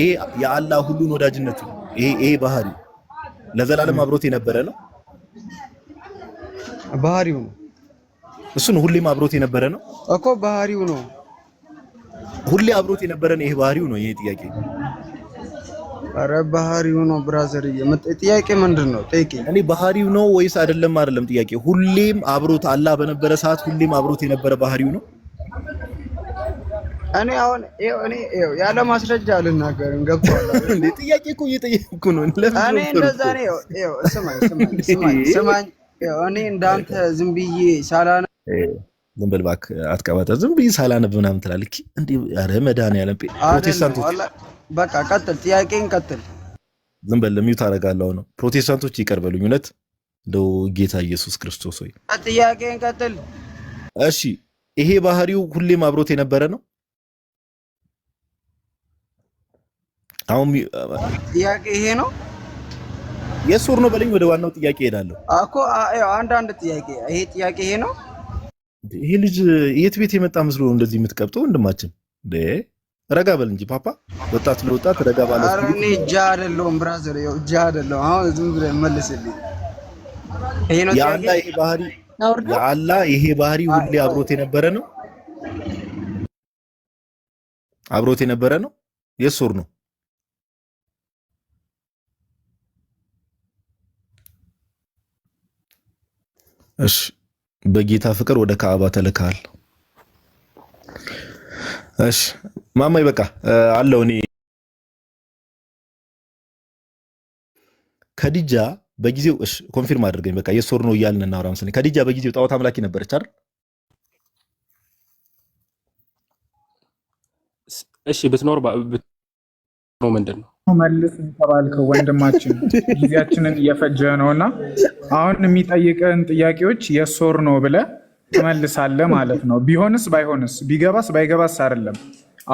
ይሄ የአላህ ሁሉን ወዳጅነት ይሄ ይሄ ባህሪ ለዘላለም አብሮት የነበረ ነው። ባህሪው ነው እሱ ነው። ሁሌም አብሮት የነበረ ነው እኮ ባህሪው ነው። ሁሌ አብሮት የነበረ ነው። ይሄ ባህሪው ነው። ይሄ ጥያቄ አረ ባህሪው ነው ብራዘር። ጥያቄ ምንድን ነው? እኔ ባህሪው ነው ወይስ አይደለም? አይደለም ጥያቄ። ሁሌም አብሮት አላህ በነበረ ሰዓት ሁሌም አብሮት የነበረ ባህሪው ነው እኔ አሁን እኔ ያለ ማስረጃ አልናገርም። ገብቶሃል? ጥያቄ እኮ እየጠየኩ ነው። እኔ እንደዛ ነው። ስማኝ ስማኝ እኔ እንዳንተ ዝም ብዬ ሳላነ ዝም በል እባክህ፣ አትቀባጠር። ዝም ብዬ ሳላነብ ምናምን ትላለህ እንዴ? ኧረ መድኃኒዓለም ፕሮቴስታንቶች፣ በቃ ቀጥል፣ ጥያቄን ቀጥል። ዝም በል ሚዩት አደርጋለሁ ነው። ፕሮቴስታንቶች ይቅር በሉኝ። እውነት እንደው ጌታ ኢየሱስ ክርስቶስ ሆይ ጥያቄን ቀጥል። እሺ፣ ይሄ ባህሪው ሁሌም አብሮት የነበረ ነው አሁን ጥያቄ ይሄ ነው። የሱር ነው በልኝ። ወደ ዋናው ጥያቄ ሄዳለሁ እኮ አንድ ጥያቄ ይሄ ጥያቄ ይሄ ነው። ይሄ ልጅ የት ቤት የመጣ ምስሉ እንደዚህ የምትቀብጠው ወንድማችን? ረጋ በል እንጂ ፓፓ፣ ወጣት ለወጣት ረጋ ባለ። ኧረ እኔ እጃ አይደለሁም ብራዘር፣ ያው እጃ አይደለሁም። አሁን ዝም ብለህ መልስልኝ። ይሄ ነው ያላ ይሄ ባህሪ ያላ ይሄ ባህሪ ሁሌ አብሮት የነበረ ነው፣ አብሮት የነበረ ነው። የሱር ነው እሺ በጌታ ፍቅር ወደ ካዕባ ተልካል። እሺ ማማይ በቃ አለው። እኔ ከዲጃ በጊዜው እሺ ኮንፊርም አድርገኝ። በቃ የሶር ነው እያልን እናውራ መሰለኝ። ከዲጃ በጊዜው ጣዖት አምላኪ ነበረች አይደል? እሺ ብትኖር ነው ምንድን ነው መልስ የተባልከው ወንድማችን ጊዜያችንን እየፈጀ ነው እና አሁን የሚጠይቀን ጥያቄዎች የሶር ነው ብለ ትመልሳለህ ማለት ነው። ቢሆንስ ባይሆንስ ቢገባስ ባይገባስ አይደለም።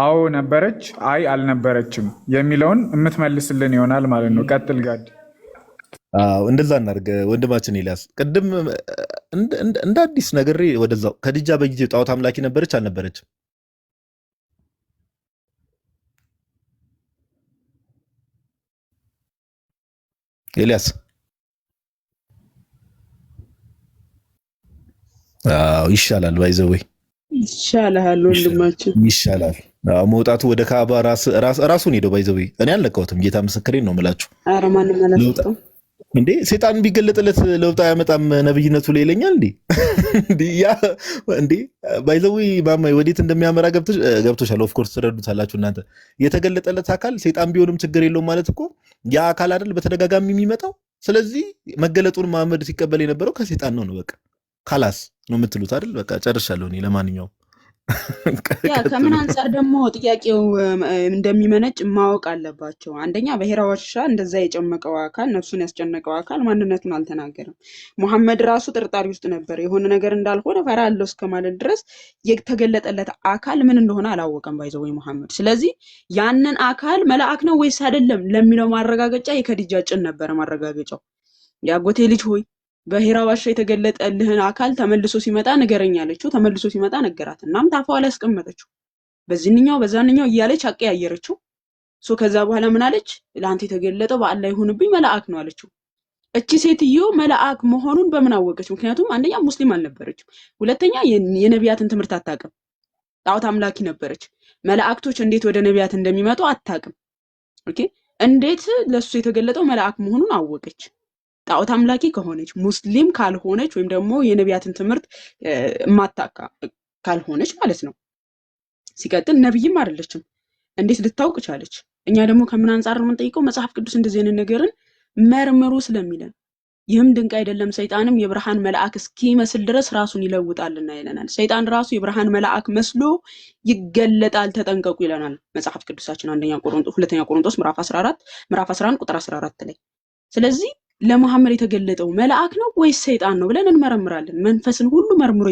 አዎ ነበረች፣ አይ አልነበረችም የሚለውን የምትመልስልን ይሆናል ማለት ነው። ቀጥል ጋድ። እንደዛ እናድርግ ወንድማችን ኤልያስ። ቅድም እንደ አዲስ ነግሬ ወደዛው ከድጃ በጊዜ ጣዖት አምላኪ ነበረች አልነበረችም ኤልያስ ይሻላል። ባይዘወይ ይሻላል፣ ይሻላል። መውጣቱ ወደ ካባ ራሱን ሄደው ባይዘወይ እኔ አልለቀውትም። ጌታ ምስክሬን ነው የምላችሁ። እንዴ ሴጣን ቢገለጥለት ለውጥ አያመጣም ነብይነቱ ላይ ይለኛል። እንዴ ያ እንዴ ባይዘዊ ማማ ወዴት እንደሚያመራ ገብቶሻል። ኦፍኮርስ ትረዱታላችሁ እናንተ። የተገለጠለት አካል ሴጣን ቢሆንም ችግር የለውም ማለት እኮ ያ አካል አይደል በተደጋጋሚ የሚመጣው። ስለዚህ መገለጡን ማመድ ሲቀበል የነበረው ከሴጣን ነው ነው በቃ ካላስ ነው የምትሉት አይደል? በቃ ጨርሻለሁ እኔ ለማንኛውም ያ ከምን አንጻር ደግሞ ጥያቄው እንደሚመነጭ ማወቅ አለባቸው። አንደኛ ዋሻ እንደዛ የጨመቀው አካል ነፍሱን ያስጨነቀው አካል ማንነቱን አልተናገረም። ሙሐመድ ራሱ ጥርጣሬ ውስጥ ነበር። የሆነ ነገር እንዳልሆነ ፈራ አለው እስከ ማለት ድረስ የተገለጠለት አካል ምን እንደሆነ አላወቀም። ባይዘ ወይ ሙሐመድ። ስለዚህ ያንን አካል መልአክ ነው ወይስ አይደለም ለሚለው ማረጋገጫ የከዲጃ ጭን ነበረ ማረጋገጫው። ያጎቴ ልጅ ሆይ በሄራ ባሻ የተገለጠልህን አካል ተመልሶ ሲመጣ ንገረኝ አለችው። ተመልሶ ሲመጣ ነገራት። እናም ታፋዋ ላይ አስቀመጠችው። በዚህኛው በዛንኛው እያለች አቀያየረችው። ሶ ከዛ በኋላ ምን አለች? ለአንተ የተገለጠው ላይ ሆንብኝ መልአክ ነው አለችው። እቺ ሴትዮ መልአክ መሆኑን በምን አወቀች? ምክንያቱም አንደኛ ሙስሊም አልነበረችም፣ ሁለተኛ የነቢያትን ትምህርት አታውቅም። ጣዖት አምላኪ ነበረች። መላእክቶች እንዴት ወደ ነቢያት እንደሚመጡ አታውቅም። ኦኬ እንዴት ለሱ የተገለጠው መልአክ መሆኑን አወቀች? ጣዖት አምላኪ ከሆነች ሙስሊም ካልሆነች ወይም ደግሞ የነቢያትን ትምህርት የማታካ ካልሆነች ማለት ነው። ሲቀጥል ነብይም አይደለችም። እንዴት ልታውቅ ቻለች? እኛ ደግሞ ከምን አንጻር ነው የምንጠይቀው? መጽሐፍ ቅዱስ እንደዚህ አይነት ነገርን መርምሩ ስለሚለን ይህም ድንቅ አይደለም፣ ሰይጣንም የብርሃን መልአክ እስኪመስል ድረስ ራሱን ይለውጣልና ይለናል። ሰይጣን ራሱ የብርሃን መልአክ መስሎ ይገለጣል፣ ተጠንቀቁ ይለናል መጽሐፍ ቅዱሳችን አንደኛ ቆሮንጦስ ሁለተኛ ቆሮንጦስ ምዕራፍ 14 ምዕራፍ 11 ቁጥር 14 ላይ ስለዚህ ለመሐመድ የተገለጠው መልአክ ነው ወይስ ሰይጣን ነው ብለን እንመረምራለን። መንፈስን ሁሉ መርምሮ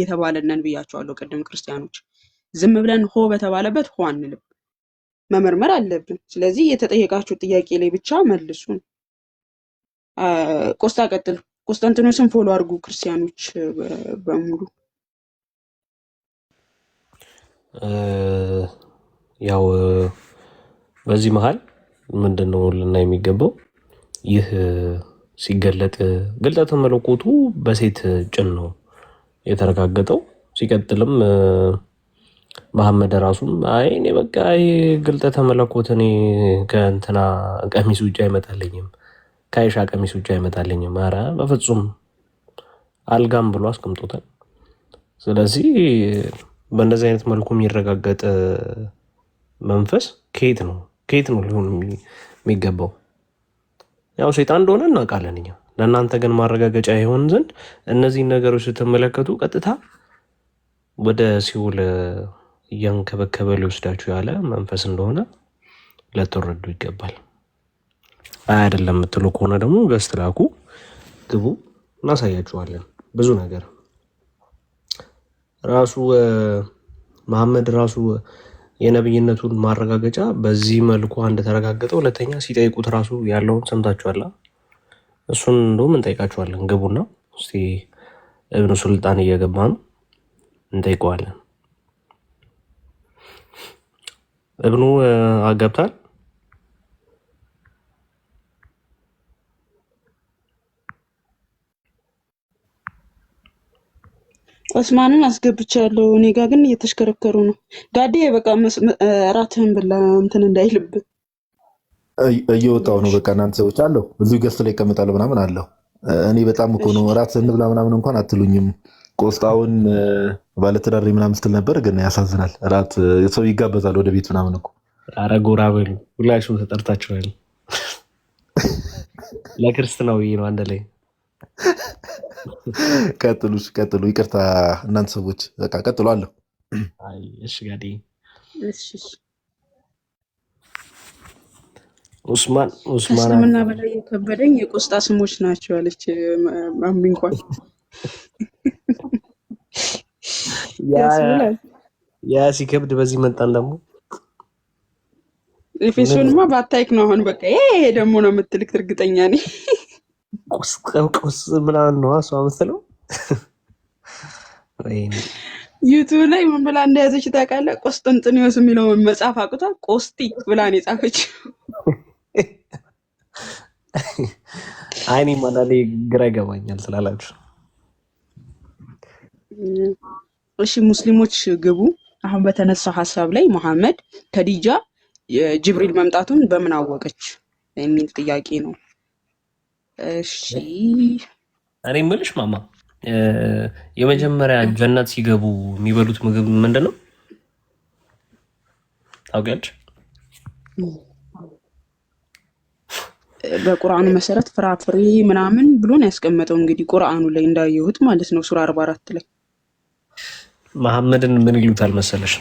የተባለነን ብያቸዋለሁ ቅድም ክርስቲያኖች። ዝም ብለን ሆ በተባለበት ሆ አንልም፣ መመርመር አለብን። ስለዚህ የተጠየቃችሁ ጥያቄ ላይ ብቻ መልሱ። ቆስጣ ቀጥል። ቆስጠንቲኖስን ፎሎ አድርጉ ክርስቲያኖች በሙሉ። ያው በዚህ መሀል ምንድን ነው ልና የሚገባው ይህ ሲገለጥ ግልጠተ መለኮቱ በሴት ጭን ነው የተረጋገጠው። ሲቀጥልም መሐመድ ራሱም አይ እኔ በቃ ግልጠተ መለኮት እኔ ከእንትና ቀሚስ ውጭ አይመጣልኝም፣ ከአይሻ ቀሚስ ውጭ አይመጣልኝም፣ ኧረ በፍጹም አልጋም ብሎ አስቀምጦታል። ስለዚህ በእንደዚህ አይነት መልኩ የሚረጋገጥ መንፈስ ከየት ነው ከየት ነው ሊሆን የሚገባው? ያው ሴጣን እንደሆነ እናውቃለን እኛ። ለእናንተ ግን ማረጋገጫ የሆን ዘንድ እነዚህን ነገሮች ስትመለከቱ ቀጥታ ወደ ሲውል እያንከበከበ ሊወስዳችሁ ያለ መንፈስ እንደሆነ ልትረዱ ይገባል። አይ አይደለም የምትሉ ከሆነ ደግሞ ገስት ላኩ፣ ግቡ፣ እናሳያችኋለን። ብዙ ነገር ራሱ መሐመድ ራሱ የነብይነቱን ማረጋገጫ በዚህ መልኩ አንድ ተረጋገጠ። ሁለተኛ ሲጠይቁት ራሱ ያለውን ሰምታችኋላ። እሱን እንደውም እንጠይቃችኋለን። ግቡና እስቲ እብኑ ሱልጣን እየገባ ነው፣ እንጠይቀዋለን። እብኑ አገብታል ኦስማንን አስገብቻለሁ። እኔ ጋ ግን እየተሽከረከሩ ነው። ጋዴ በቃ ራትህን ብላ እንትን እየወጣው ነው። በቃ እናንተ ሰዎች አለው እዚሁ ገስት ላይ ይቀመጣሉ ምናምን አለው እኔ በጣም እኮ ነው ራት እንብላ ምናምን እንኳን አትሉኝም። ቆስጣውን ባለትዳሪ ምናምን ስትል ነበር፣ ግን ያሳዝናል። ራት ሰው ይጋበዛል ወደ ቤት ምናምን እኮ። ኧረ ጎራ በሉ ሁላችሁም ተጠርታችኋል። ለክርስትናው ነው አንድ ላይ ቀጥሉ ቀጥሉ። ይቅርታ እናንተ ሰዎች በቃ ቀጥሉ አለሁ። እሺ ጋዲ ኡስማን ኡስማን እስልምና በላይ የከበደኝ የቆስጣ ስሞች ናቸው አለች። ማሚ እንኳን ያ ሲከብድ በዚህ መጣን ደግሞ ኤፌሶንማ ባታይክ ነው አሁን በቃ ይሄ ደግሞ ነው የምትልክ እርግጠኛ ነኝ። ቁስቁስ ምናምን ነዋ እሷ የምትለው። ዩቱብ ላይ ምን ብላ እንደያዘች ታውቃለህ? ቆስጥንጥንዮስ የሚለውን መጽሐፍ አቅቷ ቆስጢ ብላ ነው የጻፈች። አይኔ ማናሌ ግራ ይገባኛል ስላላችሁ። እሺ ሙስሊሞች ግቡ። አሁን በተነሳው ሀሳብ ላይ መሐመድ ከዲጃ ጅብሪል መምጣቱን በምን አወቀች የሚል ጥያቄ ነው። እሺ እኔ የምልሽ ማማ የመጀመሪያ ጀነት ሲገቡ የሚበሉት ምግብ ምንድን ነው ታውቂያለሽ? በቁርአኑ መሰረት ፍራፍሬ ምናምን ብሎን ያስቀመጠው እንግዲህ ቁርአኑ ላይ እንዳየሁት ማለት ነው። ሱራ አርባ አራት ላይ መሐመድን ምን ይሉታል መሰለሽ?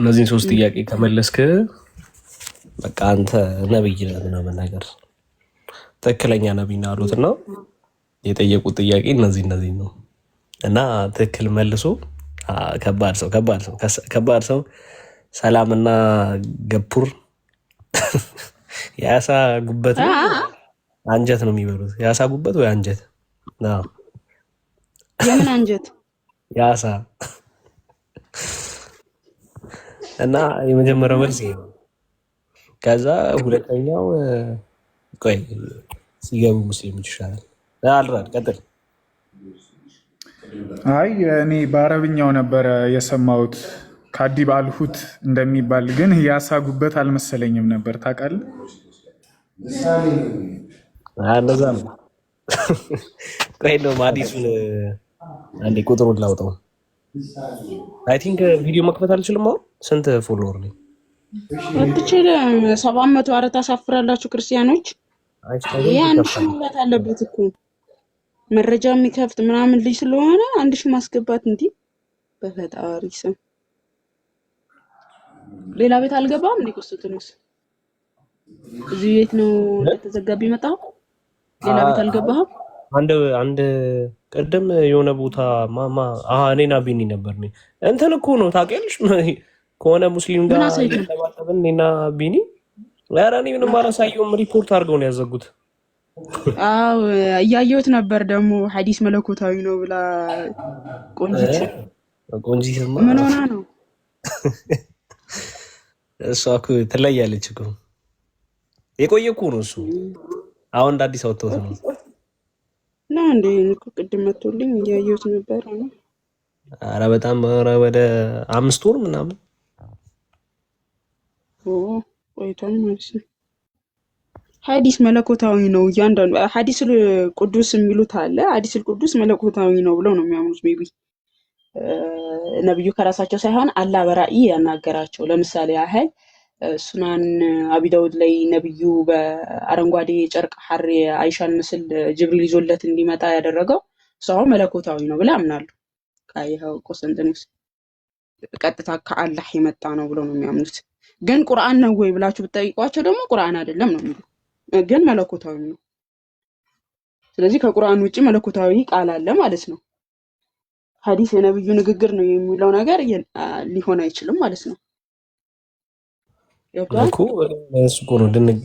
እነዚህን ሶስት ጥያቄ ከመለስክ በቃ አንተ ነብይ ምናምን ነገር ትክክለኛ ነቢይ አሉት እና የጠየቁት ጥያቄ እነዚህ እነዚህ ነው እና ትክክል መልሶ ከባድ ሰው ከባድ ሰው ከባድ ሰው ሰላምና ገፑር የአሳ ጉበት አንጀት ነው የሚበሉት። የአሳ ጉበት ወይ አንጀት? የምን አንጀት? የአሳ እና የመጀመሪያው መልስ ከዛ ሁለተኛው ቆይ ሲገቡ ሙስሊሞች ይሻላል። አልራድ ቀጥል። አይ እኔ በአረብኛው ነበረ የሰማሁት ከአዲብ አልሁት እንደሚባል ግን ያሳጉበት አልመሰለኝም ነበር። ታውቃለህ? እንደዛ ነው። ቆይ እንደውም አዲሱን አንዴ ቁጥሩን ላውጠው። አይ ቲንክ ቪዲዮ መክፈት አልችልም። አሁን ስንት ፎሎወር ነኝ? አትችልም። ሰባት መቶ አረት አሳፍራላችሁ ክርስቲያኖች አንድ ሺህ መሙላት አለበት እኮ መረጃ የሚከፍት ምናምን ልጅ ስለሆነ አንድ ሺህ ማስገባት እንዲህ በፈጣሪ ስም ሌላ ቤት አልገባም እንዴ? እዚህ ቤት ነው እንደተዘጋቢ መጣው። ሌላ ቤት አልገባም። አንድ አንድ ቅድም የሆነ ቦታ ማማ አሃ እኔና ቢኒ ነበር እንትን እኮ ነው ታውቂያለሽ፣ ከሆነ ሙስሊም ጋር ለማጠብን እኔና ቢኒ ኧረ እኔ ምንም አላሳየውም። ሪፖርት አድርገው ነው ያዘጉት። አዎ እያየሁት ነበር። ደግሞ ሐዲስ መለኮታዊ ነው ብላ ቆንጂት ቆንጂት ምን ሆና ነው? እሷ እኮ ትለያለች እኮ የቆየ እኮ ነው እሱ። አሁን እንደ አዲስ አወጣሁት ነው ና እንደ እኮ ቅድም መቶልኝ እያየሁት ነበር። አረ በጣም ወደ አምስት ወር ምናምን ቆይቷል ማለት ነው። ሐዲስ መለኮታዊ ነው። እያንዳንዱ ሐዲስ ቅዱስ የሚሉት አለ። ሐዲስ ቅዱስ መለኮታዊ ነው ብለው ነው የሚያምኑት። ቢ ነብዩ ከራሳቸው ሳይሆን አላ በራእይ ያናገራቸው። ለምሳሌ ያህል ሱናን አቢዳውድ ላይ ነብዩ በአረንጓዴ ጨርቅ ሐር የአይሻን ምስል ጅብሪል ይዞለት እንዲመጣ ያደረገው ሰው መለኮታዊ ነው ብለ አምናሉ። ቃይኸው ቆስጠንጢኖስ ቀጥታ ከአላህ የመጣ ነው ብለው ነው የሚያምኑት። ግን ቁርአን ነው ወይ ብላችሁ ብትጠይቋቸው ደግሞ ቁርአን አይደለም ነው የሚሉ፣ ግን መለኮታዊ ነው። ስለዚህ ከቁርአን ውጭ መለኮታዊ ቃል አለ ማለት ነው። ሐዲስ የነብዩ ንግግር ነው የሚለው ነገር ሊሆን አይችልም ማለት ነው። እኮ እኮ ነው ድንቅ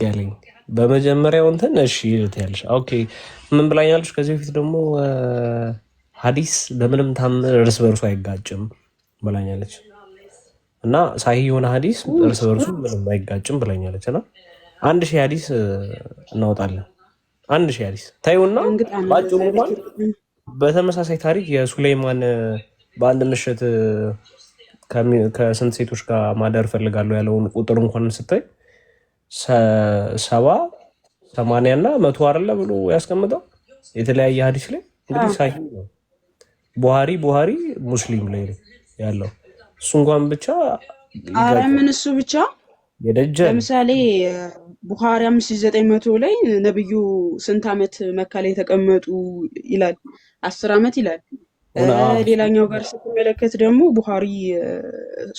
በመጀመሪያው እንትን እሺ ይሉት ኦኬ፣ ምን ብላኛለች? ከዚህ በፊት ደግሞ ሐዲስ በምንም ታምር እርስ በርሱ አይጋጭም ብላኛለች። እና ሳሂ የሆነ ሀዲስ እርስ በርሱ ምንም አይጋጭም ብለኛለች። እና አንድ ሺህ ሀዲስ እናወጣለን። አንድ ሺህ ሀዲስ ታዩና በአጭሩ እንኳን በተመሳሳይ ታሪክ የሱሌይማን በአንድ ምሽት ከስንት ሴቶች ጋር ማደር ፈልጋለሁ ያለውን ቁጥር እንኳን ስታይ ሰባ ሰማንያ እና መቶ አለ ብሎ ያስቀምጠው የተለያየ ሀዲስ ላይ እንግዲህ ሳሂ ነው። ቡሃሪ ቡሃሪ ሙስሊም ላይ ያለው እሱ እንኳን ብቻ አረምን እሱ ብቻ የደጀ ለምሳሌ ቡኻሪ አምስት ዘጠኝ መቶ ላይ ነብዩ ስንት ዓመት መካ ላይ የተቀመጡ ይላል። አስር ዓመት ይላል። ሌላኛው ጋር ስትመለከት ደግሞ ቡኻሪ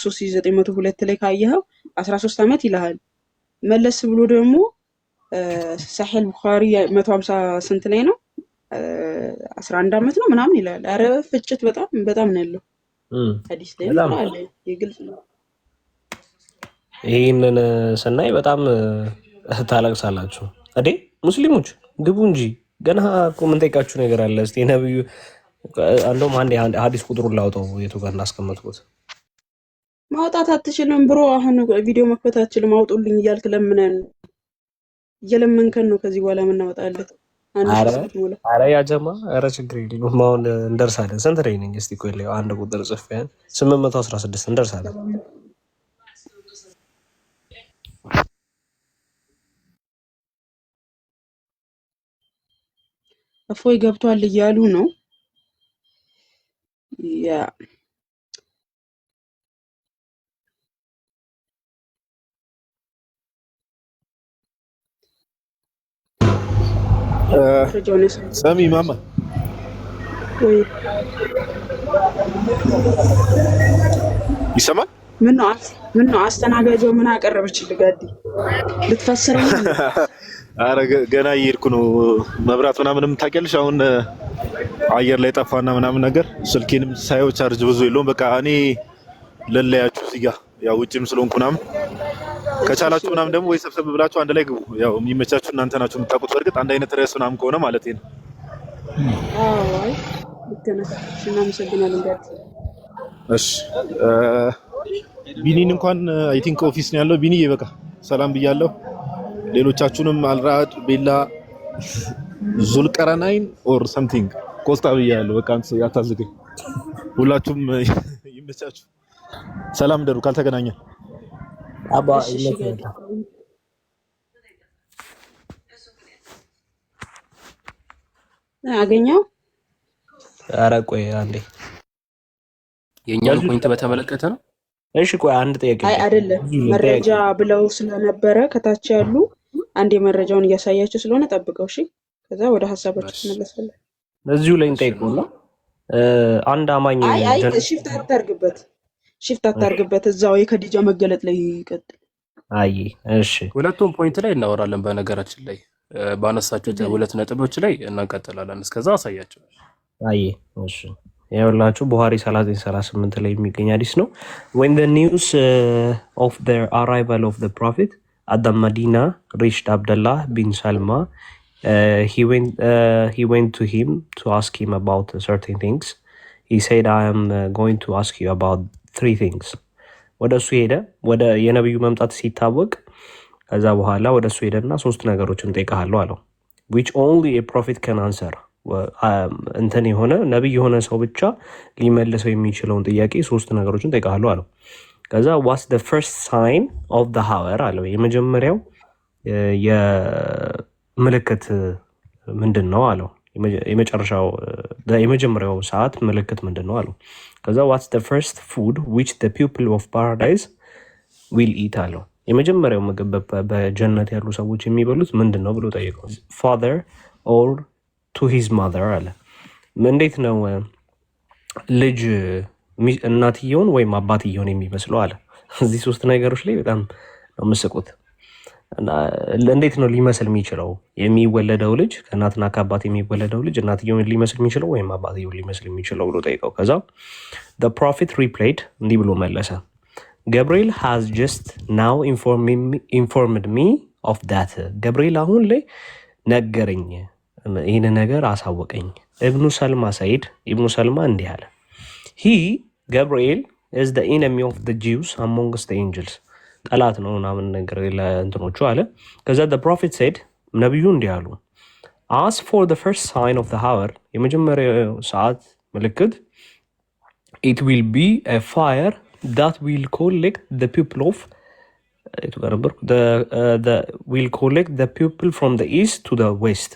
ሶስት ዘጠኝ መቶ ሁለት ላይ ካየኸው አስራ ሶስት ዓመት ይልሃል። መለስ ብሎ ደግሞ ሳሒል ቡኻሪ መቶ ሀምሳ ስንት ላይ ነው አስራ አንድ ዓመት ነው ምናምን ይላል። አረ ፍጭት በጣም በጣም ነው ያለው። ሐዲስ ላይ ግልጽ ነው። ይህንን ስናይ በጣም ታለቅሳላችሁ። አዴ ሙስሊሞች ግቡ እንጂ ገና እኮ የምንጠይቃችሁ ነገር አለ። እስኪ ነብዩ እንደውም አንድ ሀዲስ ቁጥሩን ላውጣው የቱ ጋር እንዳስቀመጥኩት ማውጣት አትችልም ብሮ አሁን ቪዲዮ መክፈት አትችልም። አውጡልኝ እያልክ ለምነን እየለመንከን ነው። ከዚህ በኋላ የምናወጣለት አረ ያጀማ አረ ችግር የለውም። አሁን እንደርሳለን። ስንት ትሬኒንግ እስቲ ቆይ አንድ ቁጥር ጽፌን ስምንት መቶ አስራ ስድስት እንደርሳለን። እፎይ ገብቷል እያሉ ነው ያ ሰሚ ማማ ይሰማል። ምን ነው አስተናጋጇ ምን አቀረበችልህ? ጋዲ ልትፈስረኝ? አረ ገና እየሄድኩ ነው። መብራት ምናምንም ታውቂያለሽ፣ አሁን uh, አየር ላይ ጠፋና ምናምን ነገር ስልኬንም ሳየው ቻርጅ ብዙ የለውም። በቃ እኔ ለለያችሁ እዚህ ጋ ያው ውጭም ስለሆንኩ ምናምን ከቻላችሁ ምናምን ደግሞ ወይ ሰብሰብ ብላችሁ አንድ ላይ ግቡ። ያው የሚመቻችሁ እናንተ ናችሁ የምታውቁት። በእርግጥ አንድ አይነት ርዕስ ምናምን ከሆነ ማለት ነው። እሺ ቢኒን እንኳን አይ ቲንክ ኦፊስ ነው ያለው። ቢኒ በቃ ሰላም ብያለሁ። ሌሎቻችሁንም አልራድ ቤላ፣ ዙልቀረናይን ኦር ሰምቲንግ ኮስታ ብያለሁ። በቃ አንተ ያታዝገኝ። ሁላችሁም ይመቻችሁ። ሰላም ደሩ ካልተገናኘን አባ አገኘው። ኧረ ቆይ አንዴ የእኛን ፖይንት በተመለከተ ነው። እሺ ቆይ አንድ ጥያቄ አይደለም መረጃ ብለው ስለነበረ ከታች ያሉ አንድ መረጃውን እያሳያቸው ስለሆነ ጠብቀው። እሺ ከዛ ወደ ሀሳባቸው ትመለሳለን። እዚሁ ላይ አንድ አማኝ ሽፍት አታርግበት ሽፍት አታርግበት እዛው የከዲጃ መገለጥ ላይ ይቀጥል። አይ እሺ፣ ሁለቱም ፖይንት ላይ እናወራለን። በነገራችን ላይ ባነሳቸው ሁለት ነጥቦች ላይ እናቀጥላለን። እስከዛ አሳያቸው። አይ እሺ ያውላችሁ ቡሃሪ 3938 ላይ የሚገኝ አዲስ ነው። ወን ደ ኒውስ ኦፍ አራይቫል ኦፍ ፕሮፌት አዳ መዲና ሪሽድ አብደላ ቢን ሰልማ ሂ ዌንት ቱ ሂም ቱ አስክ ሂም አባውት ሰርቴን ቲንግስ ሂ ሰይድ አም ጎይንግ ቱ አስክ ዩ አባውት ትሪ ቲንግስ ወደ እሱ ሄደ። ወደ የነቢዩ መምጣት ሲታወቅ ከዛ በኋላ ወደ እሱ ሄደና ሶስት ነገሮችን ጠይቀሃለሁ አለው። ዊች ኦንሊ ፕሮፌት ከን አንሰር እንትን የሆነ ነቢይ የሆነ ሰው ብቻ ሊመልሰው የሚችለውን ጥያቄ ሶስት ነገሮችን ጠይቀሃለሁ አለው። ከዛ ዋስ ደ ፈርስት ሳይን ኦፍ ደ ሃወር አለው። የመጀመሪያው የምልክት ምንድን ነው አለው። የመጨረሻው የመጀመሪያው ሰዓት ምልክት ምንድን ነው አሉ። ከዛ ዋትስ ደ ፈርስት ፉድ ዊች ደ ፒፕል ኦፍ ፓራዳይዝ ዊል ኢት አለው። የመጀመሪያው ምግብ በጀነት ያሉ ሰዎች የሚበሉት ምንድን ነው ብሎ ጠይቀው። ፋር ኦር ቱ ሂዝ ማር አለ። እንዴት ነው ልጅ እናትየውን ወይም አባትየውን የሚመስለው አለ። እዚህ ሶስት ነገሮች ላይ በጣም ነው የምስቁት። እንዴት ነው ሊመስል የሚችለው? የሚወለደው ልጅ ከእናትና ከአባት የሚወለደው ልጅ እናትየውን ሊመስል የሚችለው ወይም አባትየውን ሊመስል የሚችለው ብሎ ጠይቀው። ከዛ ፕሮፌት ሪፕላይድ እንዲህ ብሎ መለሰ፣ ገብርኤል ሃዝ ጀስት ናው ኢንፎርምድ ሚ ኦፍ ዳት። ገብርኤል አሁን ላይ ነገረኝ፣ ይህን ነገር አሳወቀኝ። እብኑ ሰልማ ሰይድ እብኑ ሰልማ እንዲህ አለ፣ ሂ ገብርኤል ኢዝ ዘ ኢነሚ ኦፍ ዘ ጂውስ አሞንግስ ዘ ኤንጅልስ ጠላት ነው ምናምን ነገር ለእንትኖቹ አለ። ከዛ ፕሮፌት ሴድ ነቢዩ እንዲህ አሉ አስ ፎር ዘ ፈርስት ሳይን ኦፍ ዘ ሃወር የመጀመሪያው ሰዓት ምልክት ኢት ዊል ቢ ፋየር ዳት ዊል ኮሌክት ዘ ፒፕል ኦፍ ዊል ኮሌክት ፒፕል ፍሮም ዘ ኢስት ቱ ዘ ዌስት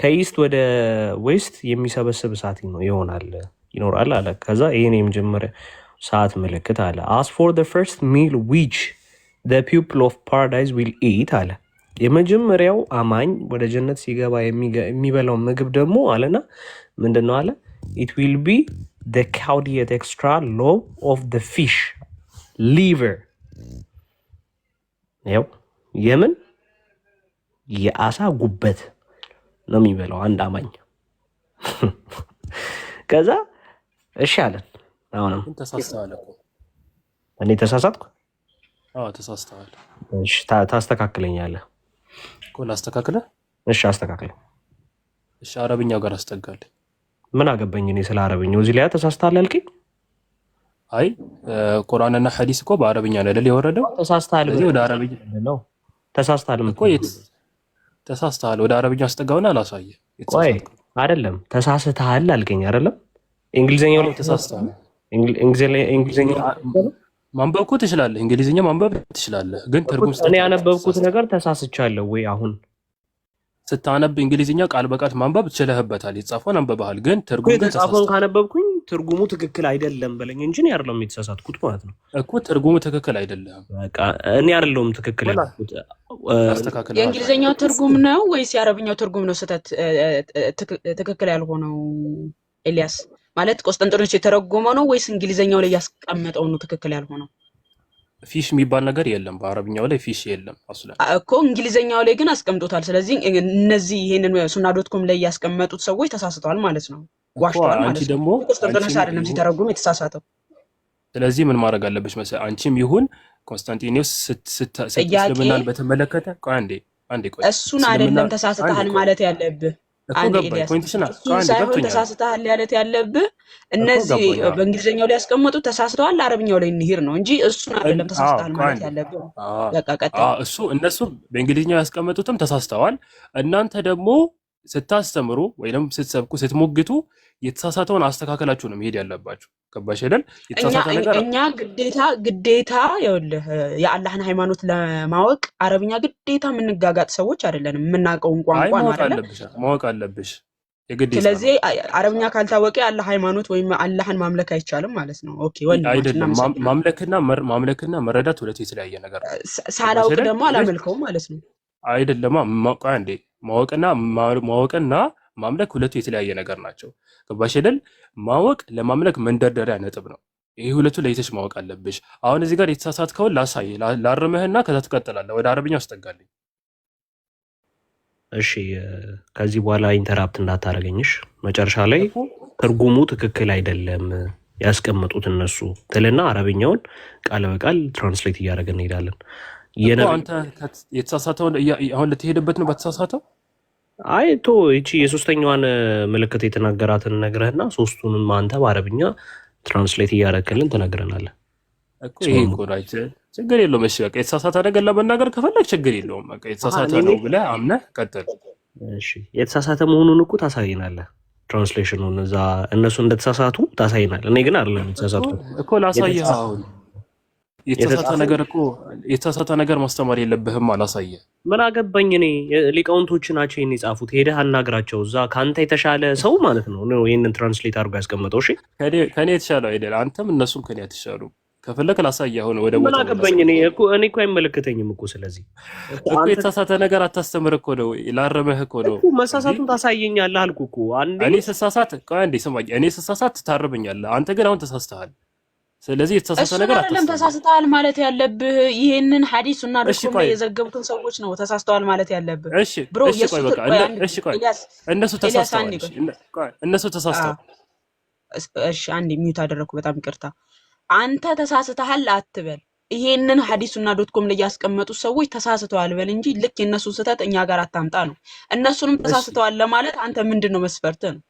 ከኢስት ወደ ዌስት የሚሰበስብ እሳት ይሆናል ይኖራል አለ። ከዛ ይህን የመጀመሪያ ሰዓት ምልክት አለ አስ ፎር ፈርስት ሚል ዊች ፒፕል ኦፍ ፓራዳይዝ ዊል ኢት አለ። የመጀመሪያው አማኝ ወደ ጀነት ሲገባ የሚበላው ምግብ ደግሞ አለና ምንድን ነው አለ? ኢት ዊል ቢ ደ ካውዲየት ኤክስትራ ሎብ ኦፍ ደ ፊሽ ሊቨር፣ ያው የምን የአሳ ጉበት ነው የሚበላው አንድ አማኝ። ከዛ እሺ አለን። አሁንም እኔ ተሳሳትኩ። ተሳስተዋል። ታስተካክለኛለህ? ላስተካክለ? እሺ አስተካክለ። እሺ አረብኛው ጋር አስጠጋል። ምን አገባኝ እኔ ስለ አረብኛው። እዚህ ላይ ተሳስተሃል አልከኝ። አይ ቁርአንና ሐዲስ እኮ በአረብኛ ነው አይደል የወረደው። ተሳስተሃል ወደ አረብኛ ነው ተሳስተሃል እኮ ተሳስተሃል። ወደ አረብኛ አስጠጋውና አላሳየ። ቆይ አይደለም ተሳስተሃል አልከኝ አይደለም። እንግሊዘኛው ላይ ተሳስተሃል። ማንበብ እኮ ትችላለህ፣ እንግሊዝኛ ማንበብ ትችላለህ። ግን ትርጉም እኔ ያነበብኩት ነገር ተሳስቻለሁ ወይ? አሁን ስታነብ እንግሊዝኛ ቃል በቃል ማንበብ ችለህበታል፣ የተጻፈውን አንበባሃል። ግን ትርጉም የተጻፈውን ካነበብኩኝ ትርጉሙ ትክክል አይደለም በለኝ እንጂ እኔ አይደለሁም የተሳሳትኩት ማለት ነው እኮ ትርጉሙ ትክክል አይደለም። እኔ አይደለሁም ትክክል ያልኩት። የእንግሊዝኛው ትርጉም ነው ወይስ የአረብኛው ትርጉም ነው ስህተት ትክክል ያልሆነው ኤልያስ? ማለት ቆስጠንጢኖስ የተረጎመ ነው ወይስ እንግሊዘኛው ላይ ያስቀመጠው ነው ትክክል ያልሆነው? ፊሽ የሚባል ነገር የለም በአረብኛው ላይ ፊሽ የለም እኮ እንግሊዘኛው ላይ ግን አስቀምጦታል። ስለዚህ እነዚህ ይሄንን ሱና ዶት ኮም ላይ ያስቀመጡት ሰዎች ተሳስተዋል ማለት ነው፣ ዋሽተዋል ማለት ነው። ደግሞ ቆስጠንጢኖስ አይደለም ሲተረጉም የተሳሳተው። ስለዚህ ምን ማድረግ አለብሽ መሰለህ? አንቺም ይሁን ኮንስታንቲኖስ ስትስልምናን በተመለከተ አንዴ አንዴ ቆይ እሱን አይደለም ተሳስተሃል ማለት ያለብህ ሳይሆን ተሳስተሃል ያለት ያለብህ እነዚህ በእንግሊዝኛው ላይ ያስቀመጡት ተሳስተዋል፣ አረብኛው ላይ እንሂር ነው እንጂ እሱን አይደለም ተሳስተሃል ማለት ያለብህ። እሱ እነሱ በእንግሊዝኛው ያስቀመጡትም ተሳስተዋል። እናንተ ደግሞ ስታስተምሩ ወይም ስትሰብኩ ስትሞግቱ የተሳሳተውን አስተካከላችሁ ነው መሄድ ያለባችሁ። ገባሽ አይደል? እኛ ግዴታ ግዴታ ይኸውልህ የአላህን ሃይማኖት ለማወቅ አረብኛ ግዴታ የምንጋጋጥ ሰዎች አይደለንም። የምናውቀውን ቋንቋ ማወቅ አለብሽ የግዴታ። ስለዚህ አረብኛ ካልታወቀ የአላህ ሃይማኖት ወይም አላህን ማምለክ አይቻልም ማለት ነው። ኦኬ አይደለም። ማምለክና ማምለክና መረዳት ሁለት የተለያየ ነገር ነው። ሳላውቅ ደግሞ አላመልከውም ማለት ነው። አይደለማ ማውቃ እንዴ ማወቅና ማወቅና ማምለክ ሁለቱ የተለያየ ነገር ናቸው። ገባሽ አይደል? ማወቅ ለማምለክ መንደርደሪያ ነጥብ ነው። ይህ ሁለቱ ለይተሽ ማወቅ አለብሽ። አሁን እዚህ ጋር የተሳሳትከውን ላሳይ ላርምህና ከዛ ትቀጥላለህ። ወደ አረብኛው አስጠጋልኝ። እሺ፣ ከዚህ በኋላ ኢንተራፕት እንዳታረገኝሽ። መጨረሻ ላይ ትርጉሙ ትክክል አይደለም ያስቀመጡት እነሱ ትልና አረብኛውን ቃል በቃል ትራንስሌት እያደረገ እንሄዳለን። አንተ የተሳሳተውን አሁን ልትሄድበት ነው በተሳሳተው አይ ቶ ይቺ የሶስተኛዋን ምልክት የተናገራትን ነግረህና ሶስቱንም አንተ በአረብኛ ትራንስሌት እያረክልን ትነግረናለህ። ችግር የለውም። እሺ በቃ የተሳሳተ ነገር ለመናገር ከፈለግ ችግር የለውም። በቃ የተሳሳተ ነው ብለህ አምነህ ቀጥል። የተሳሳተ መሆኑን እኮ ታሳይናለህ። ትራንስሌሽኑን እዛ እነሱ እንደተሳሳቱ ታሳይናለህ። እኔ ግን አይደለም የተሳሳቱ እኮ ላሳይህ አሁን የተሳተ ነገር እኮ የተሳተ ነገር ማስተማር የለብህም። አላሳየ ምን አገባኝ እኔ። ሊቃውንቶች ናቸው ይህን የጻፉት፣ ሄደህ አናግራቸው። እዛ ከአንተ የተሻለ ሰው ማለት ነው ይህንን ትራንስሌት አድርጎ ያስቀመጠው። እሺ ከእኔ የተሻለ አይደል? አንተም እነሱም ከኔ አትሻሉ። ከፈለክ ላሳየ። አሁን ወደ ምን አገባኝ እኔ እኮ እኔ እኮ አይመለከተኝም እኮ። ስለዚህ እኮ የተሳሳተ ነገር አታስተምር እኮ ነው ላረመህ እኮ ነው። መሳሳቱን ታሳየኛለህ አልኩ እኮ። እኔ ስሳሳት፣ ቆይ አንዴ ስማኝ። እኔ ስሳሳት ታርመኛለህ። አንተ ግን አሁን ተሳስተሃል። ስለዚህ የተሳሳተ ነገር አይደለም። ተሳስተዋል ማለት ያለብህ ይሄንን ሐዲስ እና ደግሞ የዘገቡትን ሰዎች ነው ተሳስተዋል ማለት ያለብህ። እሺ ብሮ እሺ ቆይ፣ በቃ እሺ፣ ቆይ እነሱ ተሳስተዋል፣ እነሱ ተሳስተዋል። እሺ አንድ ሚዩት አደረኩ፣ በጣም ይቅርታ። አንተ ተሳስተሃል አትበል። ይሄንን ሐዲሱና ዶት ኮም ላይ ያስቀመጡት ሰዎች ተሳስተዋል በል እንጂ ልክ የእነሱን ስህተት እኛ ጋር አታምጣ ነው። እነሱንም ተሳስተዋል ለማለት አንተ ምንድን ነው መስፈርት ነው?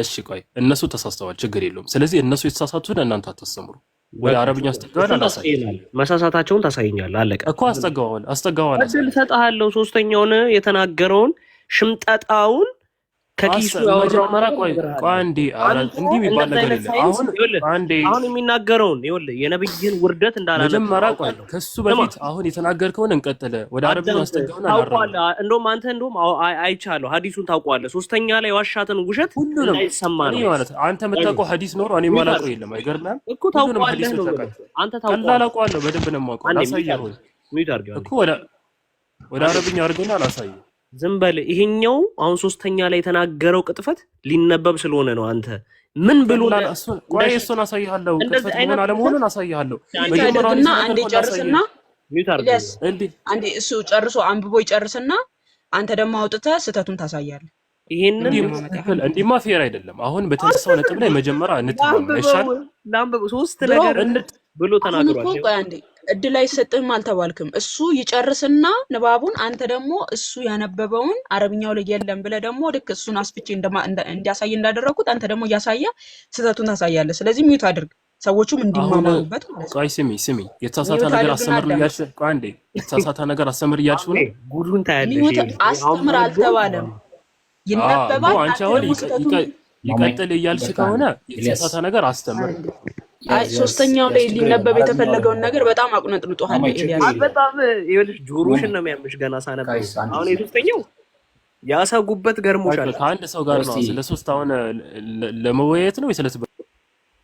እሺ ቆይ እነሱ ተሳስተዋል፣ ችግር የለውም። ስለዚህ እነሱ የተሳሳቱትን እናንተ አታስተምሩ። ወደ አረብኛ አስጠጋዋል፣ መሳሳታቸውን ታሳይኛለህ። አለቀ እኮ አስጠጋዋል፣ አስጠጋዋል። እሰጥሃለሁ ሶስተኛውን የተናገረውን ሽምጠጣውን ከኪሱ መጀመሪያ ቆይ ቆይ አንዴ እንዲህ የሚባል ነገር የለም። አሁን የሚናገረውን ይኸውልህ የነብይህን ውርደት እንዳላለ መጀመሪያ ቆይ ከሱ በፊት አሁን የተናገርከውን እንቀጥለ ወደ አረብ ማስጠጋውን ታውቀዋለህ። እንደውም አንተ እንደውም አይቻለሁ ሐዲሱን ታውቀዋለህ። ሶስተኛ ላይ ዋሻትን ውሸት እንዳይሰማ ነው ማለት አንተ የምታውቀው ሐዲስ ኖሮ እኔ የማላውቀው የለም። አይገርምም እኮ ታውቀዋለህ ነው አንተ ታውቀዋለህ። እንዳላውቀዋለሁ በደንብ ነው የማውቀው። ላሳየህ እኮ ወደ አረብኛ አድርገውና አላሳየህ ዝም በል። ይሄኛው አሁን ሶስተኛ ላይ የተናገረው ቅጥፈት ሊነበብ ስለሆነ ነው። አንተ ምን ብሎ ቆይ፣ እሱን አሳይሃለሁ። ቅጥፈት መሆን አለመሆኑን አሳይሃለሁ። መጀመሪያና አንዴ ጨርስና አንዴ እሱ ጨርሶ አንብቦ ይጨርስና አንተ ደግሞ አውጥተህ ስህተቱን ታሳያለህ። ይሄንን እንዲማ ፌር አይደለም። አሁን በተነሳው ነጥብ ላይ መጀመሪያ እንትማም ይሻል ሶስት ነገር ብሎ ተናግሯል። እድል አይሰጥህም አልተባልክም። እሱ ይጨርስና ንባቡን አንተ ደግሞ እሱ ያነበበውን አረብኛው ላይ የለም ብለህ ደግሞ ልክ እሱን አስፍቼ እንዲያሳይ እንዳደረግኩት አንተ ደግሞ እያሳየ ስህተቱን ታሳያለህ። ስለዚህ ሚዩት አድርግ፣ ሰዎቹም እንዲማማሩበት። ቆይ ስሚ ስሚ፣ የተሳሳተ ነገር አስተምር እያልሽ ቆይ እንዴ፣ የተሳሳተ ነገር አስተምር እያልሽ ሆነ። ጉዱን ታያለሽ። አስተምር አልተባለም፣ ይነበባል። አንቺ አሁን ይቀጥል እያልሽ ከሆነ የተሳሳተ ነገር አስተምር ሶስተኛው ላይ ሊነበብ የተፈለገውን ነገር በጣም አቁነጥንጦሃል። በጣም ይኸውልሽ ጆሮሽን ነው የሚያምሽ ገና ሳነብ። አሁን የሶስተኛው የአሳ ጉበት ገርሞሻል። ከአንድ ሰው ጋር ነው ስለ ሶስት አሁን ለመወያየት ነው ስለ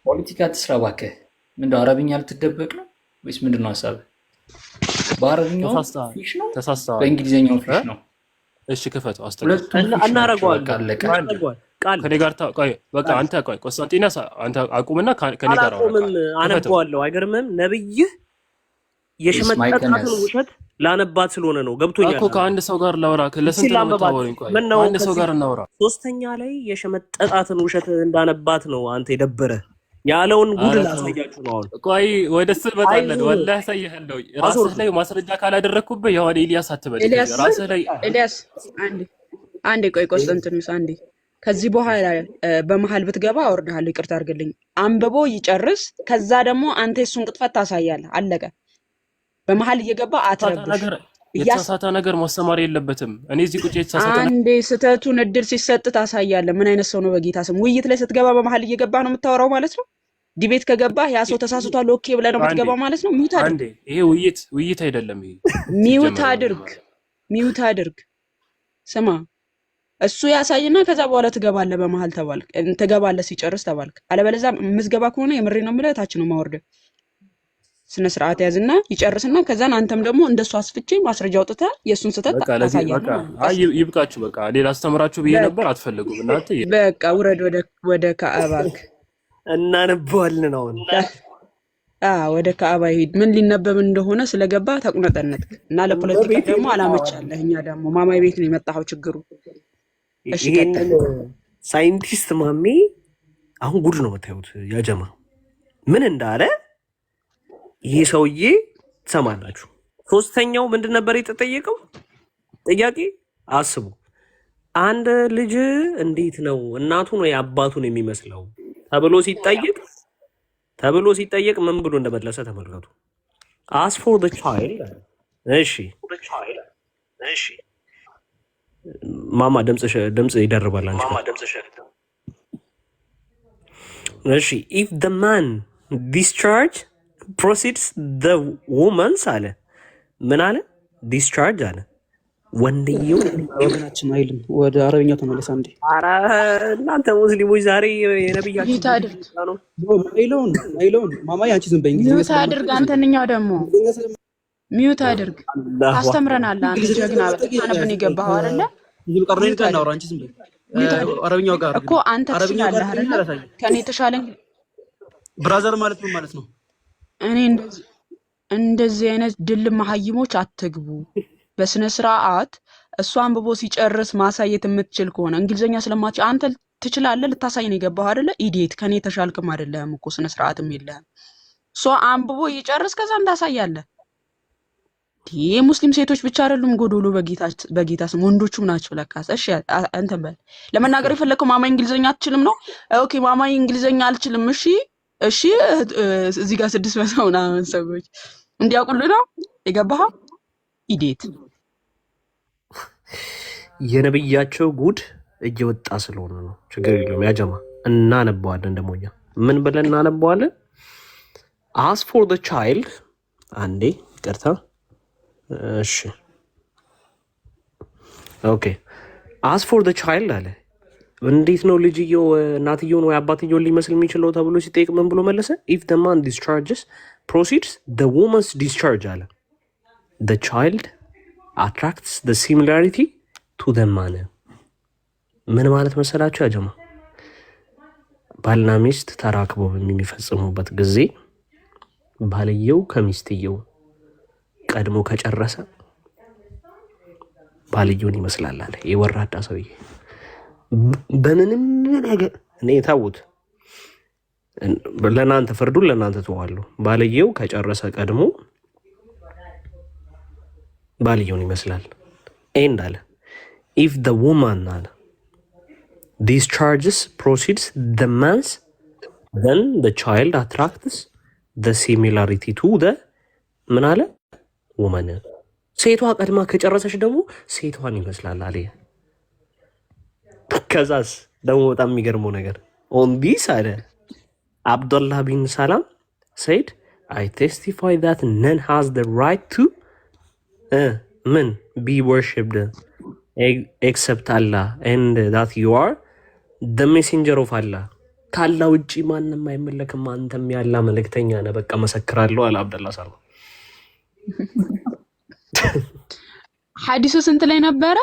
ፖለቲካ ትስራ እባክህ። ምንድን አረብኛ ልትደበቅ ነው ወይስ ምንድን ነው ሀሳብ? በአረብኛው ፊሽ ነው በእንግሊዝኛው ፊሽ ነው። እሺ ክፈቱ፣ አስተካክሉ። እናረገዋለን ቃል ከኔ ጋር በቃ አንተ ቆይ፣ ቆስጠንጢኖስ አንተ አቁምና ከኔ ጋር አቁምም። አነባዋለሁ። አይገርምም? ነብይህ የሸመጠጣትን ውሸት ላነባት ስለሆነ ነው። ገብቶኛል እኮ ከአንድ ሰው ጋር ላውራ። ለስንት ነው አንድ ሰው ጋር እናውራ። ሶስተኛ ላይ የሸመጠጣትን ውሸት እንዳነባት ነው አንተ የደበረ ያለውን ጉድ ላሳያችሁ ነው። አሁን ቆይ ወደ እሱ ራስህ ላይ ማስረጃ አትበል። ራስህ ላይ አንዴ አንዴ ቆይ አንዴ ከዚህ በኋላ በመሀል ብትገባ አወርድሃለሁ፣ ይቅርታ አድርግልኝ። አንብቦ ይጨርስ። ከዛ ደግሞ አንተ የሱን ቅጥፈት ታሳያለህ። አለቀ። በመሀል እየገባ አትረብሽ። የተሳሳተ ነገር ማስተማር የለበትም። እኔ እዚህ ቁጭ የተሳሳተ አንዴ ስህተቱን እድል ሲሰጥ ታሳያለህ። ምን አይነት ሰው ነው? በጌታ ስም ውይይት ላይ ስትገባ በመሀል እየገባ ነው የምታወራው ማለት ነው። ዲቤት ከገባ ያ ሰው ተሳስቷል ኦኬ ብለህ ነው የምትገባው ማለት ነው። ሚውት አድርግ። ይሄ ውይይት ውይይት አይደለም። ይሄ ሚውት አድርግ፣ ሚውት አድርግ። ስማ እሱ ያሳይና ከዛ በኋላ ትገባለ በመሀል ተባልክ፣ ትገባለህ ሲጨርስ ተባልክ። አለበለዚያ ምዝገባ ከሆነ የምሬ ነው የምልህ ታች ነው ማወርደ ስነ ስርዓት ያዝና ይጨርስና ከዛን አንተም ደግሞ እንደሱ አስፍቼ ማስረጃ አውጥተህ የእሱን ስህተት ታሳያለህ። ይብቃችሁ፣ በቃ ሌላ አስተምራችሁ ብዬ ነበር፣ አትፈልጉም እናንተ። በቃ ውረድ ወደ ከአባክ እናነበዋልን ነው ወደ ከአባ ሂድ። ምን ሊነበብ እንደሆነ ስለገባ ተቁነጠነት እና ለፖለቲካ ደግሞ አላመቻለህ። እኛ ደግሞ ማማይ ቤት ነው የመጣኸው ችግሩ ይሄንን ሳይንቲስት ማሜ አሁን ጉድ ነው የምታዩት። ያጀማ ምን እንዳለ ይሄ ሰውዬ ትሰማላችሁ። ሶስተኛው ምንድን ነበር የተጠየቀው ጥያቄ? አስቡ። አንድ ልጅ እንዴት ነው እናቱን ወይ አባቱን የሚመስለው ተብሎ ሲጠየቅ ተብሎ ሲጠየቅ ምን ብሎ እንደመለሰ ተመልከቱ። አስ ፎር ቻይልድ እሺ ማማ ድምፅ ይደርባል። እሺ ኢፍ ደ ማን ዲስቻርጅ ፕሮሲድስ ደ ውመንስ አለ። ምን አለ? ዲስቻርጅ አለ። ወንድየው ወገናችን አይልም። ወደ አረብኛው ተመለስ አንዴ። እናንተ ሙስሊሞች ዛሬ የነብያችን ነው። ማይለውን ማይለውን ማማ ያቺ ዝም በይ። ታድርግ አንተንኛው ደግሞ ሚዩት አድርግ። አስተምረናል። አንድ ጀግና። በጣም ነብን አለ አረብኛው ጋር እኮ አንተ ትችላለህ አይደለ? ከኔ የተሻለኝ ብራዘር ማለት ምን ማለት ነው። እኔ እንደዚህ አይነት ድል መሀይሞች አትግቡ። በስነ ስርዓት እሱ አንብቦ ሲጨርስ ማሳየት የምትችል ከሆነ እንግሊዝኛ ስለማች አንተ ትችላለህ ልታሳይ ነው የገባኸው አይደለ? ኢዴት ከኔ የተሻልክም አይደለህም እኮ ስነ ስርዓትም የለህም። ሶ አንብቦ ይጨርስ ከዛ እንዳሳያለህ ሙስሊም ሴቶች ብቻ አይደሉም ጎዶሎ በጌታ ስም ወንዶቹም ናቸው ለካስ። እሺ እንትን በል ለመናገር የፈለግከው ማማ እንግሊዝኛ አትችልም ነው። ኦኬ ማማ እንግሊዝኛ አልችልም። እሺ እሺ። እዚህ ጋር ስድስት መቶ ምናምን ሰዎች እንዲያውቁልህ ነው የገባኸው። ኢዴት የነብያቸው ጉድ እጅ ወጣ ስለሆነ ነው። ችግር የለውም ያጀማ እናነበዋለን። ደግሞ እኛ ምን ብለን እናነበዋለን? አስ ፎር ቻይልድ አንዴ ይቅርታ እሺ ኦኬ አስ ፎር ደ ቻይልድ አለ። እንዴት ነው ልጅየው እናትየውን ወይ አባትየውን ሊመስል የሚችለው ተብሎ ሲጠይቅ ምን ብሎ መለሰ? ኢፍ ደ ማን ዲስቻርጅስ ፕሮሲድስ ደ ውመንስ ዲስቻርጅ አለ። ደ ቻይልድ አትራክትስ ደ ሲሚላሪቲ ቱ ደ ማን። ምን ማለት መሰላችሁ? ያጀማ ባልና ሚስት ተራክበው የሚፈጽሙበት ጊዜ ባልየው ከሚስትየው ቀድሞ ከጨረሰ ባልየውን ይመስላል አለ የወራዳ ሰውዬ። በምንም ነገር እኔ የታውት ለእናንተ ፍርዱን ለእናንተ ትዋሉ። ባልየው ከጨረሰ ቀድሞ ባልየውን ይመስላል። ይህ እንዳለ ኢፍ ደ ውማን አለ ዲስ ቻርጅስ ፕሮሲድስ ደ ማንስ ን ቻይልድ አትራክትስ ሲሚላሪቲ ቱ ምን አለ ውመን ሴቷ ቀድማ ከጨረሰች ደግሞ ሴቷን ይመስላል አለ። ከዛስ ደግሞ በጣም የሚገርመው ነገር ኦንዲስ አለ አብዶላ ቢን ሰላም ሰይድ አይ ቴስቲፋይ ዛት ነን ሃዝ ደ ራይት ቱ ምን ቢ ወርሽፕድ ኤክሰፕት አላ ኤንድ ዛት ዩ አር ደ ሜሴንጀር ኦፍ አላ ካላ ውጭ ማንም አይመለክም፣ አንተም ያላ መልእክተኛ ነህ። በቃ መሰክራለሁ አለ አብደላ ሰላም። ሐዲሱ ስንት ላይ ነበረ?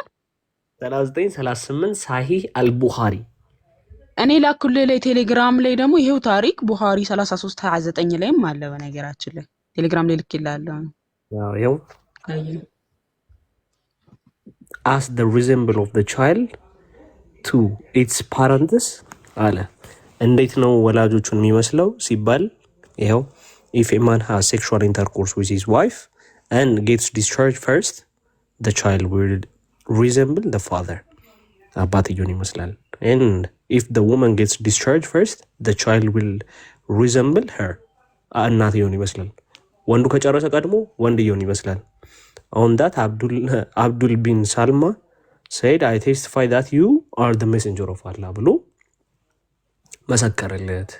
938 ሳሂ ሳሂህ አልቡኻሪ እኔ ላኩል ላይ ቴሌግራም ላይ ደግሞ ይሄው ታሪክ ቡኻሪ 3329 ላይ ላይም አለ። በነገራችን ላይ ቴሌግራም ላይ ልክ ይላለሁ። አዎ ይሄው as the resemble of the child to its parents አለ። እንዴት ነው ወላጆቹን የሚመስለው ሲባል ይሄው if a man has sexual intercourse with his wife and ጌትስ ዲስቻርጅ ፈርስት ዘ ቻይልድ ዊል ሪዘምብል ዘ ፋዘር አባትየውን ይመስላል። ኤንድ ኢፍ ዘ ውመን ጌትስ ዲስቻርጅ ፈርስት ዘ ቻይልድ ዊል ሪዘምብል ሄር እናትየውን ይመስላል። ወንዱ ከጨረሰ ቀድሞ ወንድየውን ይመስላል። ኦን ዳት አብዱል ቢን ሳልማ ሰይድ አይ ቴስቲፋይ ዳት ዩ አር ዘ ሜሴንጀር ኦፍ አላ ብሎ መሰከረለት።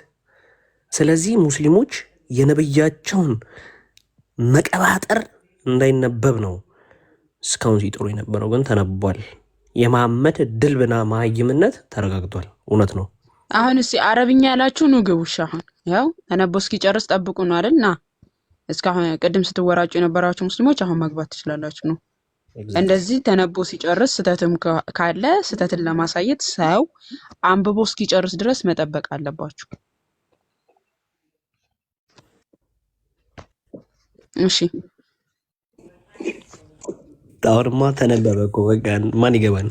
ስለዚህ ሙስሊሞች የነብያቸውን መቀባጠር እንዳይነበብ ነው እስካሁን ሲጥሩ የነበረው ግን ተነቧል። የማመድ ድል ብና መሀይምነት ተረጋግጧል። እውነት ነው። አሁን እስኪ አረብኛ ያላችሁ ኑ ግቡሽ። አሁን ያው ተነቦ እስኪጨርስ ጠብቁ ነው አይደል? ና እስካሁን ቅድም ስትወራጩ የነበራችሁ ሙስሊሞች አሁን መግባት ትችላላችሁ ነው እንደዚህ ተነቦ ሲጨርስ ስህተትም ካለ ስህተትን ለማሳየት ሰው አንብቦ እስኪጨርስ ድረስ መጠበቅ አለባችሁ። እሺ አሁንማ ተነበበ እኮ በቃ ማን ይገባል?